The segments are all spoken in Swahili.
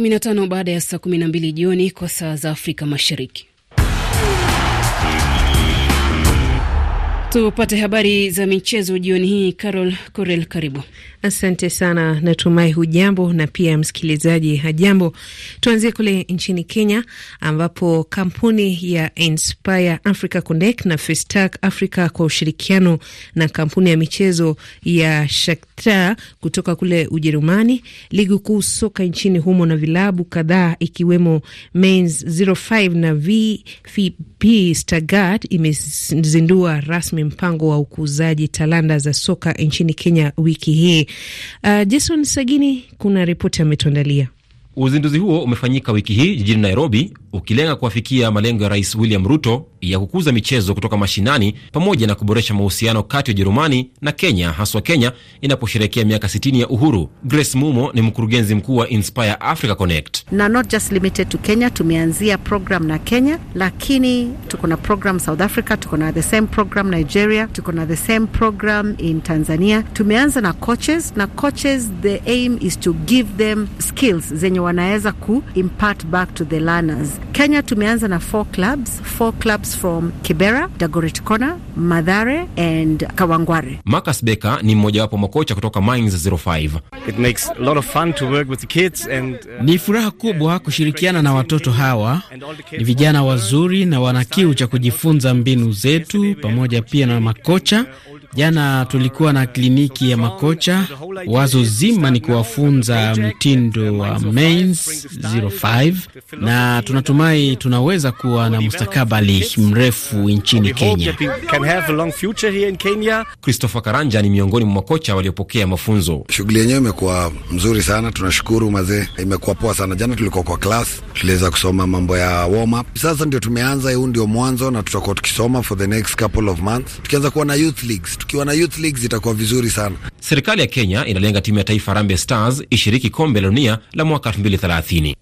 15 baada ya saa 12 jioni kwa saa za Afrika Mashariki. Tupate habari za michezo jioni hii. Carol Korel, karibu. Asante sana, natumai hujambo na pia msikilizaji hajambo. Tuanzie kule nchini Kenya ambapo kampuni ya Inspire Africa Connect na Festac Africa kwa ushirikiano na kampuni ya michezo ya Shakhtar kutoka kule Ujerumani, ligi kuu soka nchini humo na vilabu kadhaa ikiwemo Mainz 05 na VfB pia imezindua rasmi mpango wa ukuzaji talanta za soka nchini Kenya wiki hii. Uh, Jason Sagini, kuna ripoti ametuandalia. Uzinduzi huo umefanyika wiki hii jijini Nairobi, ukilenga kuafikia malengo ya Rais William Ruto ya kukuza michezo kutoka mashinani pamoja na kuboresha mahusiano kati ya Ujerumani na Kenya, haswa Kenya inaposherekea miaka 60 ya uhuru. Grace Mumo ni mkurugenzi mkuu wa Inspire Africa Connect. Na not just limited to Kenya, tumeanzia program na Kenya, lakini tuko na program South Africa, tuko na the same program Nigeria, tuko na the same program in Tanzania. Tumeanza na coaches na coaches, the aim is to give them skills zenye wanaweza ku impart back to the learners. Kenya tumeanza na four clubs, four clubs from Kibera, Dagoretti Kona, Madhare and Kawangware. Marcus Beka ni mmojawapo makocha kutoka Mines 05. It makes a lot of fun to work with the kids and, uh, ni furaha kubwa kushirikiana na watoto hawa. Ni vijana wazuri na wana kiu cha kujifunza mbinu zetu pamoja pia na makocha Jana tulikuwa na kliniki ya makocha. Wazo zima ni kuwafunza mtindo wa mains 05 na tunatumai tunaweza kuwa na mustakabali mrefu nchini Kenya. Christopher Karanja ni miongoni mwa makocha waliopokea mafunzo. Shughuli yenyewe imekuwa mzuri sana, tunashukuru mazee, imekuwa poa sana. Jana tulikuwa kwa klas tuliweza kusoma mambo ya warm up. Sasa ndio tumeanza, huu ndio mwanzo, na tutakuwa tukisoma for the next couple of months, tukianza kuwa na youth leagues tukiwa na youth league zitakuwa vizuri sana. Serikali ya Kenya inalenga timu ya taifa Harambee Stars ishiriki kombe la dunia la mwaka 2030.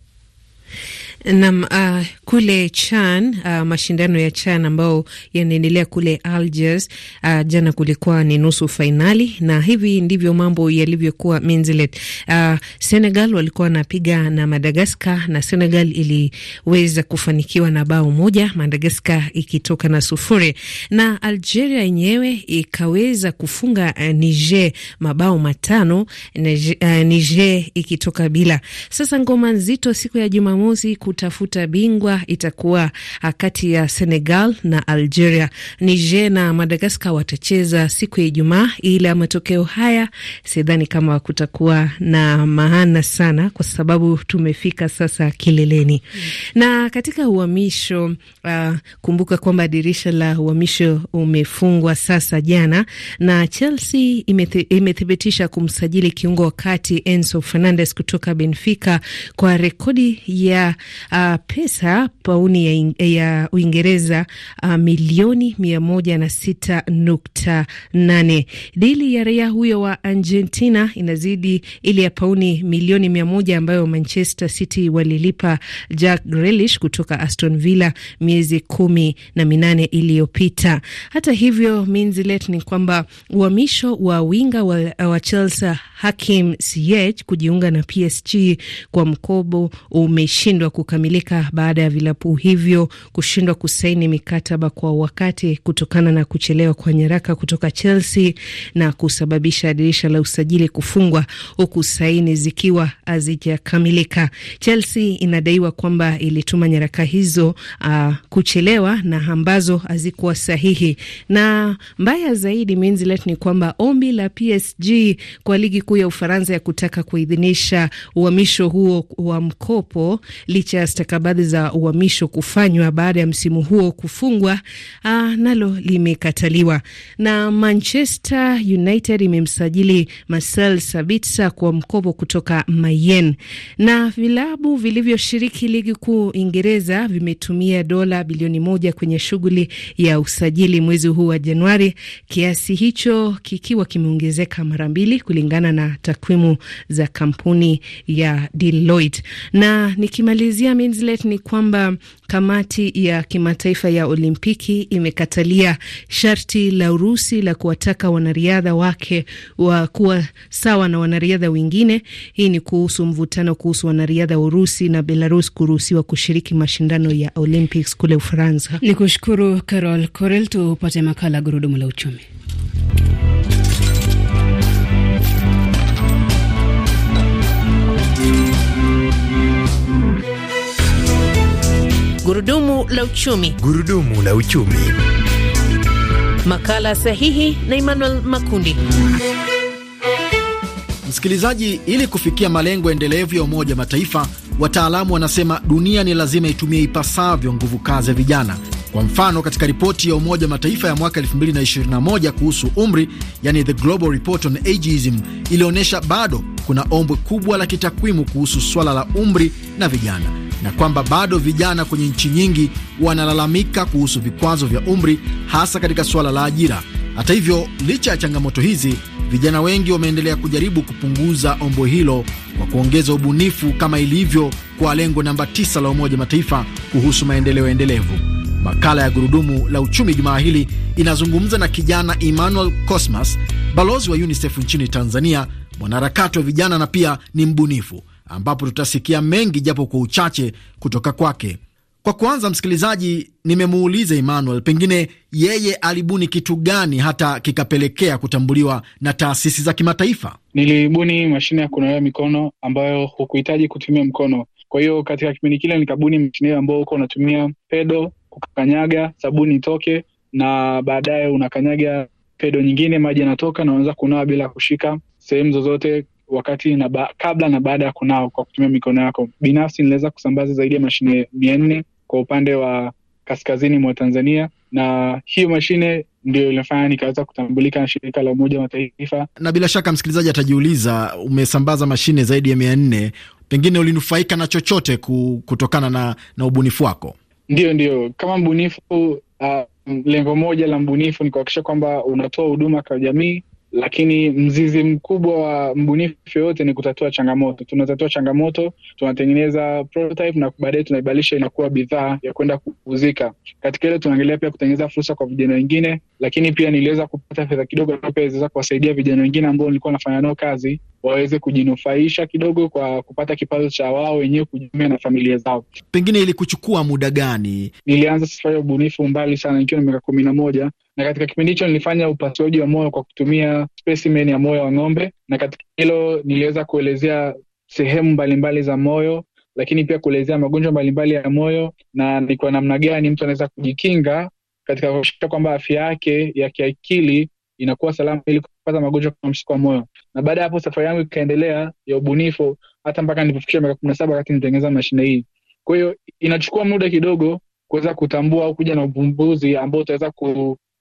Nam uh, kule CHAN uh, mashindano ya CHAN ambayo yanaendelea kule Algiers. Uh, jana kulikuwa ni nusu fainali na hivi ndivyo mambo yalivyokuwa. Minzilet uh, Senegal walikuwa wanapiga na Madagaskar na Senegal iliweza kufanikiwa na bao moja, Madagaskar ikitoka na sufuri, na Algeria yenyewe ikaweza kufunga uh, Niger mabao matano, Niger, uh, Niger ikitoka bila. Sasa ngoma nzito siku ya Jumamosi kutafuta bingwa itakuwa ah, kati ya Senegal na Algeria. Niger na Madagaskar watacheza siku ya Ijumaa, ila matokeo haya sidhani kama kutakuwa na maana sana, kwa sababu tumefika sasa kileleni mm. Na katika uhamisho uh, kumbuka kwamba dirisha la uhamisho umefungwa sasa jana, na Chelsea imethibitisha kumsajili kiungo wakati Enzo Fernandez kutoka Benfica kwa rekodi ya uh, pesa pauni ya, ya Uingereza uh, milioni mia moja na sita nukta nane. Dili ya raia huyo wa Argentina inazidi ile ya pauni milioni mia moja ambayo Manchester City walilipa Jack Grealish kutoka Aston Villa miezi kumi na minane iliyopita. Hata hivyo Minzilet, ni kwamba uhamisho wa winga wa, wa Chelsea Hakim Ziyech kujiunga na PSG kwa mkobo umeshindwa kukamilika baada ya vilabu hivyo kushindwa kusaini mikataba kwa wakati kutokana na kuchelewa kwa nyaraka kutoka Chelsea na kusababisha dirisha la usajili kufungwa huku saini zikiwa hazijakamilika. Chelsea inadaiwa kwamba ilituma nyaraka hizo uh, kuchelewa na ambazo hazikuwa sahihi, na mbaya zaidi Minzilet, ni kwamba ombi la PSG kwa ligi kuu ya Ufaransa ya kutaka kuidhinisha uhamisho huo wa mkopo licha licha ya stakabadhi za uhamisho kufanywa baada ya msimu huo kufungwa, ah, nalo limekataliwa. Na Manchester United imemsajili Marcel Sabitzer kwa mkopo kutoka Mayen. Na vilabu vilivyoshiriki ligi kuu Ingereza vimetumia dola bilioni moja kwenye shughuli ya usajili mwezi huu wa Januari, kiasi hicho kikiwa kimeongezeka mara mbili kulingana na takwimu za kampuni ya Deloitte. Na nikimalizia kumalizia Minlet, ni kwamba kamati ya kimataifa ya Olimpiki imekatalia sharti la Urusi la kuwataka wanariadha wake wa kuwa sawa na wanariadha wengine. Hii ni kuhusu mvutano kuhusu wanariadha wa Urusi na Belarus kuruhusiwa kushiriki mashindano ya Olympics kule Ufaransa. Ni kushukuru Carol Corel. Tupate makala ya gurudumu la uchumi. Gurudumu la uchumi, gurudumu la uchumi. Makala sahihi na Emmanuel Makundi. Msikilizaji, ili kufikia malengo endelevu ya Umoja Mataifa, wataalamu wanasema dunia ni lazima itumie ipasavyo nguvu kazi ya vijana. Kwa mfano, katika ripoti ya Umoja Mataifa ya mwaka 2021 kuhusu umri, yani the Global Report on Ageism, ilionyesha bado kuna ombwe kubwa la kitakwimu kuhusu swala la umri na vijana na kwamba bado vijana kwenye nchi nyingi wanalalamika kuhusu vikwazo vya umri, hasa katika suala la ajira. Hata hivyo, licha ya changamoto hizi, vijana wengi wameendelea kujaribu kupunguza ombo hilo kwa kuongeza ubunifu, kama ilivyo kwa lengo namba 9 la Umoja Mataifa kuhusu maendeleo endelevu. Makala ya Gurudumu la Uchumi jumaa hili inazungumza na kijana Emmanuel Cosmas, balozi wa UNICEF nchini Tanzania, mwanaharakati wa vijana na pia ni mbunifu ambapo tutasikia mengi japo kwa uchache kutoka kwake. Kwa kwanza, msikilizaji, nimemuuliza Emmanuel pengine yeye alibuni kitu gani hata kikapelekea kutambuliwa na taasisi za kimataifa. Nilibuni mashine ya kunawia mikono ambayo hukuhitaji kutumia mkono. Kwa hiyo katika kipindi kile nikabuni mashine hiyo ambao huko unatumia pedo kukanyaga sabuni itoke, na baadaye unakanyaga pedo nyingine, maji yanatoka na unaweza kunawa bila kushika sehemu zozote wakati na ba, kabla na baada ya kunao kwa kutumia mikono yako. Binafsi inaweza kusambaza zaidi ya mashine mia nne kwa upande wa kaskazini mwa Tanzania, na hiyo mashine ndio ilifanya nikaweza kutambulika na shirika la Umoja wa Mataifa. Na bila shaka msikilizaji atajiuliza, umesambaza mashine zaidi ya mia nne, pengine ulinufaika na chochote kutokana na, na ubunifu wako? Ndio, ndio, kama mbunifu uh, lengo moja la mbunifu ni kuhakikisha kwamba unatoa huduma kwa jamii lakini mzizi mkubwa wa mbunifu yoyote ni kutatua changamoto. Tunatatua changamoto, tunatengeneza prototype na baadaye tunaibadilisha inakuwa bidhaa ya kwenda kuuzika. Katika ile tunaangalia pia kutengeneza fursa kwa vijana wengine, lakini pia niliweza kupata fedha kidogo ambayo pia kuwasaidia vijana wengine ambao nilikuwa nafanya nao kazi waweze kujinufaisha kidogo kwa kupata kipato cha wao wenyewe kujumia na familia zao. Pengine ilikuchukua muda gani? Nilianza safari ya ubunifu mbali sana nikiwa na miaka kumi na moja na katika kipindi hicho nilifanya upasuaji wa moyo kwa kutumia specimen ya moyo wa ng'ombe, na katika hilo niliweza kuelezea sehemu mbalimbali za moyo, lakini pia kuelezea magonjwa mbalimbali ya moyo na ni kwa namna gani mtu anaweza kujikinga katika kuhakikisha kwamba afya yake ya kiakili inakuwa salama ili kupata magonjwa kama mshiko wa moyo. Na baada ya hapo safari yangu ikaendelea ya ubunifu hata mpaka nilipofikisha miaka kumi na saba wakati nitengeneza mashine hii. Kwa hiyo inachukua muda kidogo kuweza kutambua au kuja na uvumbuzi ambao utaweza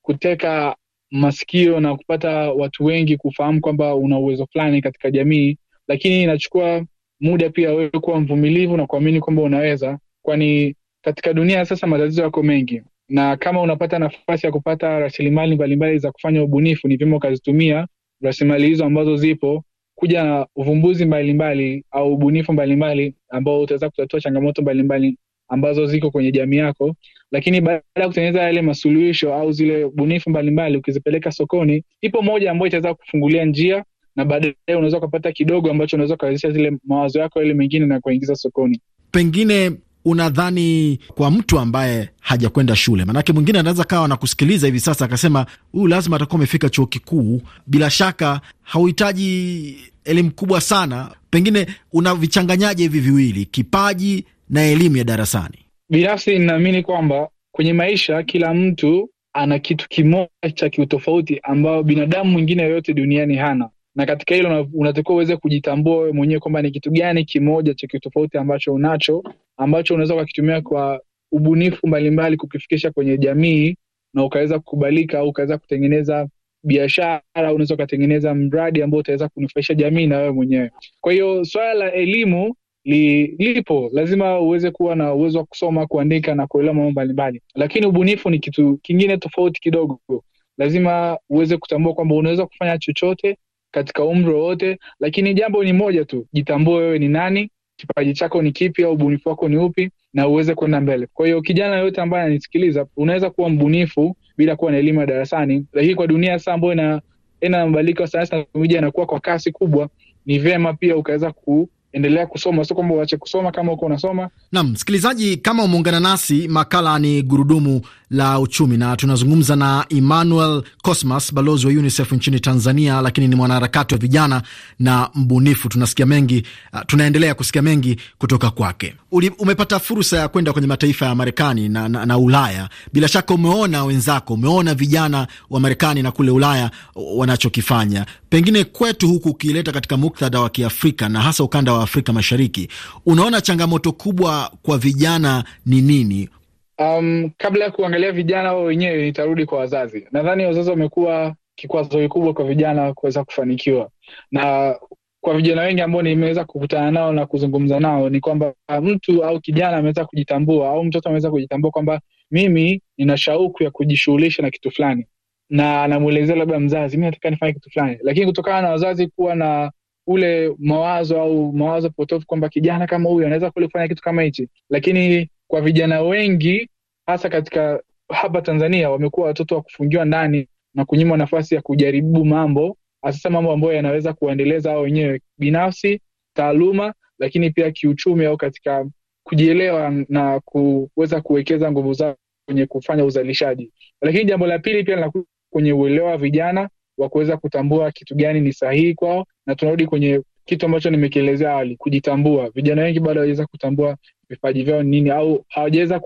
kuteka masikio na kupata watu wengi kufahamu kwamba una uwezo fulani katika jamii, lakini inachukua muda pia wewe kuwa mvumilivu na kuamini kwamba unaweza, kwani katika dunia ya sasa matatizo yako mengi, na kama unapata nafasi ya kupata rasilimali mbalimbali za kufanya ubunifu, ni vyema ukazitumia rasilimali hizo ambazo zipo kuja na uvumbuzi mbalimbali au ubunifu mbalimbali ambao utaweza kutatua changamoto mbalimbali ambazo ziko kwenye jamii yako lakini baada ya kutengeneza yale masuluhisho au zile bunifu mbalimbali, ukizipeleka sokoni, ipo moja ambayo itaweza kufungulia njia na baadaye unaweza ukapata kidogo ambacho unaweza ukawezesha zile mawazo yako yale mengine na kuingiza sokoni. Pengine unadhani kwa mtu ambaye hajakwenda shule, maanake mwingine anaweza kawa kusikiliza hivi sasa akasema, huyu lazima atakuwa amefika chuo kikuu. Bila shaka hauhitaji elimu kubwa sana. Pengine unavichanganyaje hivi viwili, kipaji na elimu ya darasani? Binafsi ninaamini kwamba kwenye maisha kila mtu ana kitu kimoja cha kiutofauti ambao binadamu mwingine yoyote duniani hana, na katika hilo unatakiwa uweze kujitambua wewe mwenyewe kwamba ni kitu gani kimoja cha kiutofauti ambacho unacho ambacho unaweza ukakitumia kwa ubunifu mbalimbali kukifikisha kwenye jamii na ukaweza kukubalika au ukaweza kutengeneza biashara, unaweza ukatengeneza mradi ambao utaweza kunufaisha jamii na wewe mwenyewe. Kwa hiyo swala la elimu li, lipo. Lazima uweze kuwa na uwezo wa kusoma, kuandika na kuelewa mambo mbalimbali, lakini ubunifu ni kitu kingine tofauti kidogo. Lazima uweze kutambua kwamba unaweza kufanya chochote katika umri wowote, lakini jambo ni moja tu, jitambue wewe ni nani, kipaji chako ni kipi, au ubunifu wako ni upi, na uweze kwenda mbele. Kwa hiyo kijana yoyote ambaye ananisikiliza, unaweza kuwa mbunifu bila kuwa na elimu ya darasani, lakini kwa dunia sasa ambayo ina mabadiliko ya sayansi na teknolojia inakuwa kwa kasi kubwa, ni vyema pia ukaweza endelea kusoma, sio kwamba uache kusoma kama uko unasoma. Naam msikilizaji, kama umeungana nasi, makala ni Gurudumu la uchumi, na tunazungumza na Emmanuel Cosmas, balozi wa UNICEF nchini Tanzania, lakini ni mwanaharakati wa vijana na mbunifu. Tunasikia mengi, uh, tunaendelea kusikia mengi kutoka kwake. Umepata fursa ya kwenda kwenye mataifa ya Marekani na, na, na Ulaya, bila shaka umeona wenzako, umeona vijana wa Marekani na kule Ulaya wanachokifanya, pengine kwetu huku ukileta katika muktadha wa Kiafrika na hasa ukanda wa Afrika Mashariki, unaona changamoto kubwa kwa vijana ni nini? Um, kabla ya kuangalia vijana wao wenyewe, nitarudi kwa wazazi. Nadhani wazazi wamekuwa kikwazo kikubwa kwa vijana kuweza kufanikiwa, na kwa vijana wengi ambao nimeweza kukutana nao na kuzungumza nao ni kwamba mtu au kijana ameweza kujitambua au mtoto ameweza kujitambua kwamba mimi nina shauku ya kujishughulisha na kitu fulani, na anamwelezea labda mzazi, mi nataka nifanye kitu fulani, lakini kutokana na wazazi kuwa na ule mawazo au mawazo potofu kwamba kijana kama huyu anaweza kufanya kitu kama hichi, lakini kwa vijana wengi hasa katika hapa Tanzania wamekuwa watoto wa kufungiwa ndani na kunyimwa nafasi ya kujaribu mambo, hasa mambo ambayo yanaweza kuwaendeleza hao wenyewe binafsi, taaluma, lakini pia kiuchumi au katika kujielewa na kuweza kuwekeza nguvu zao kwenye kufanya uzalishaji. Lakini jambo la pili pia linakuja kwenye uelewa wa vijana wa kuweza kutambua kitu gani ni sahihi kwao, na tunarudi kwenye kitu ambacho nimekielezea awali, kujitambua. Vijana wengi bado hawajaweza kutambua vipaji vyao ni nini, au hawajaweza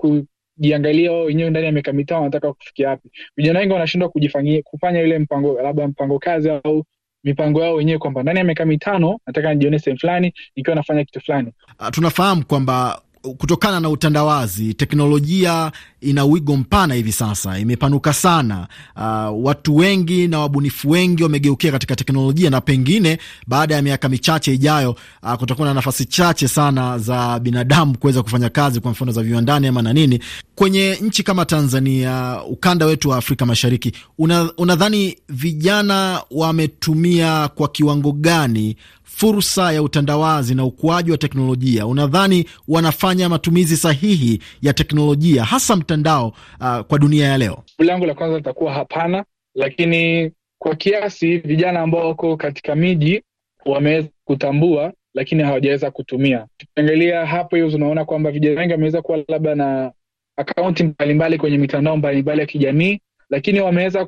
jiangalia wao wenyewe ndani ya miaka mitano wanataka kufikia wapi. Vijana wengi wanashindwa kujifanyia kufanya ile mpango, labda mpango kazi au mipango yao wenyewe kwamba ndani ya miaka mitano nataka nijione sehemu fulani nikiwa nafanya kitu fulani. Ah, tunafahamu kwamba kutokana na utandawazi, teknolojia ina wigo mpana hivi sasa, imepanuka sana. Uh, watu wengi na wabunifu wengi wamegeukia katika teknolojia, na pengine baada ya miaka michache ijayo, uh, kutakuwa na nafasi chache sana za binadamu kuweza kufanya kazi, kwa mfano za viwandani ama na nini. Kwenye nchi kama Tanzania, ukanda wetu wa Afrika Mashariki, unadhani una vijana wametumia kwa kiwango gani fursa ya utandawazi na ukuaji wa teknolojia, unadhani wanafanya matumizi sahihi ya teknolojia hasa mtandao uh, kwa dunia ya leo? Langu la kwanza litakuwa hapana, lakini kwa kiasi vijana ambao wako katika miji wameweza kutambua lakini hawajaweza kutumia. Tukiangalia hapo hiyo, unaona kwamba vijana wengi wameweza kuwa labda na akaunti mbalimbali kwenye mitandao mbalimbali ya kijamii, lakini wameweza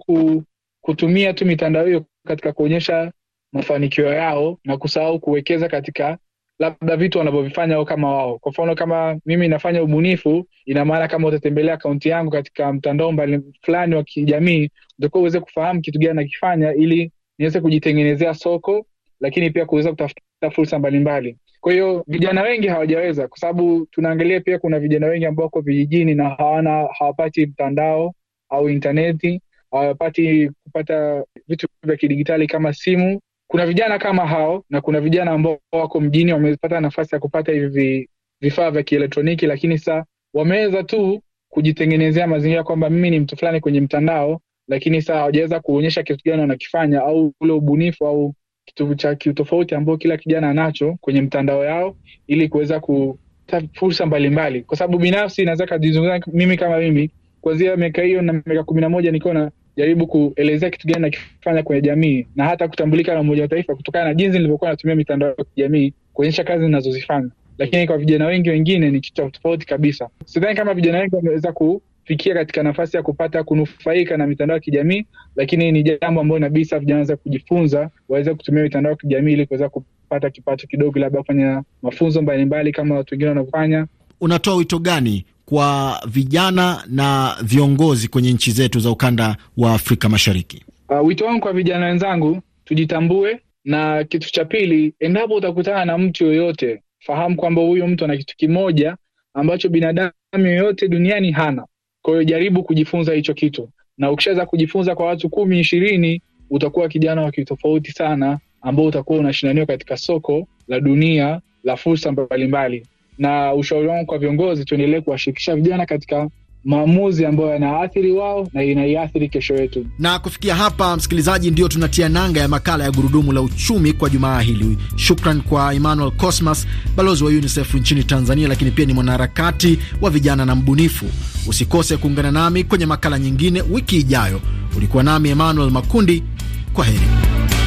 kutumia tu mitandao hiyo katika kuonyesha mafanikio yao na kusahau kuwekeza katika labda vitu wanavyovifanya wao kama wao. Kwa mfano, kama mimi nafanya ubunifu, ina maana kama utatembelea akaunti yangu katika mtandao mbali fulani wa kijamii, utakuwa uweze kufahamu kitu gani nakifanya, ili niweze kujitengenezea soko, lakini pia kuweza kutafuta fursa mbalimbali. Kwa hiyo vijana wengi hawajaweza, kwa sababu tunaangalia pia kuna vijana wengi ambao wako vijijini na hawana hawapati mtandao au intaneti, hawapati kupata vitu vya kidigitali kama simu kuna vijana kama hao na kuna vijana ambao wako mjini wamepata nafasi ya kupata hivi vifaa vya kielektroniki, lakini sa wameweza tu kujitengenezea mazingira kwamba mimi ni mtu fulani kwenye mtandao, lakini saa hawajaweza kuonyesha kitu gani wanakifanya au ule ubunifu au kitu cha kiutofauti ambao kila kijana anacho kwenye mtandao yao, ili kuweza ku fursa mbalimbali, kwa sababu binafsi naweza kajizungumza mimi kama mimi, kuanzia miaka hiyo na miaka kumi na moja nikiwa kujaribu kuelezea kitu gani nakifanya kwenye jamii na hata kutambulika na Umoja wa taifa kutokana na jinsi nilivyokuwa natumia mitandao ya kijamii kuonyesha kazi ninazozifanya. Lakini kwa vijana wengi wengine ni kitu tofauti kabisa. Sidhani kama vijana wengi wameweza kufikia katika nafasi ya kupata kunufaika na mitandao ya kijamii, lakini ni jambo ambayo inabidi vijana weza kujifunza, waweze kutumia mitandao ya kijamii ili kuweza kupata kipato kidogo, labda kufanya mafunzo mbalimbali kama watu wengine wanavyofanya. Unatoa wito gani kwa vijana na viongozi kwenye nchi zetu za ukanda wa Afrika Mashariki? Uh, wito wangu kwa vijana wenzangu, tujitambue, na kitu cha pili, endapo utakutana na mtu yoyote, fahamu kwamba huyo mtu ana kitu kimoja ambacho binadamu yoyote duniani hana. Kwa hiyo jaribu kujifunza hicho kitu, na ukishaweza kujifunza kwa watu kumi ishirini, utakuwa kijana wa kitofauti sana, ambao utakuwa unashindaniwa katika soko la dunia la fursa mbalimbali na ushauri wangu kwa viongozi, tuendelee kuwashirikisha vijana katika maamuzi ambayo yanaathiri wao na inaiathiri kesho yetu. Na kufikia hapa, msikilizaji, ndio tunatia nanga ya makala ya gurudumu la uchumi kwa jumaa hili. Shukran kwa Emmanuel Cosmas, balozi wa UNICEF nchini Tanzania, lakini pia ni mwanaharakati wa vijana na mbunifu. Usikose kuungana nami kwenye makala nyingine wiki ijayo. Ulikuwa nami Emmanuel Makundi, kwa heri.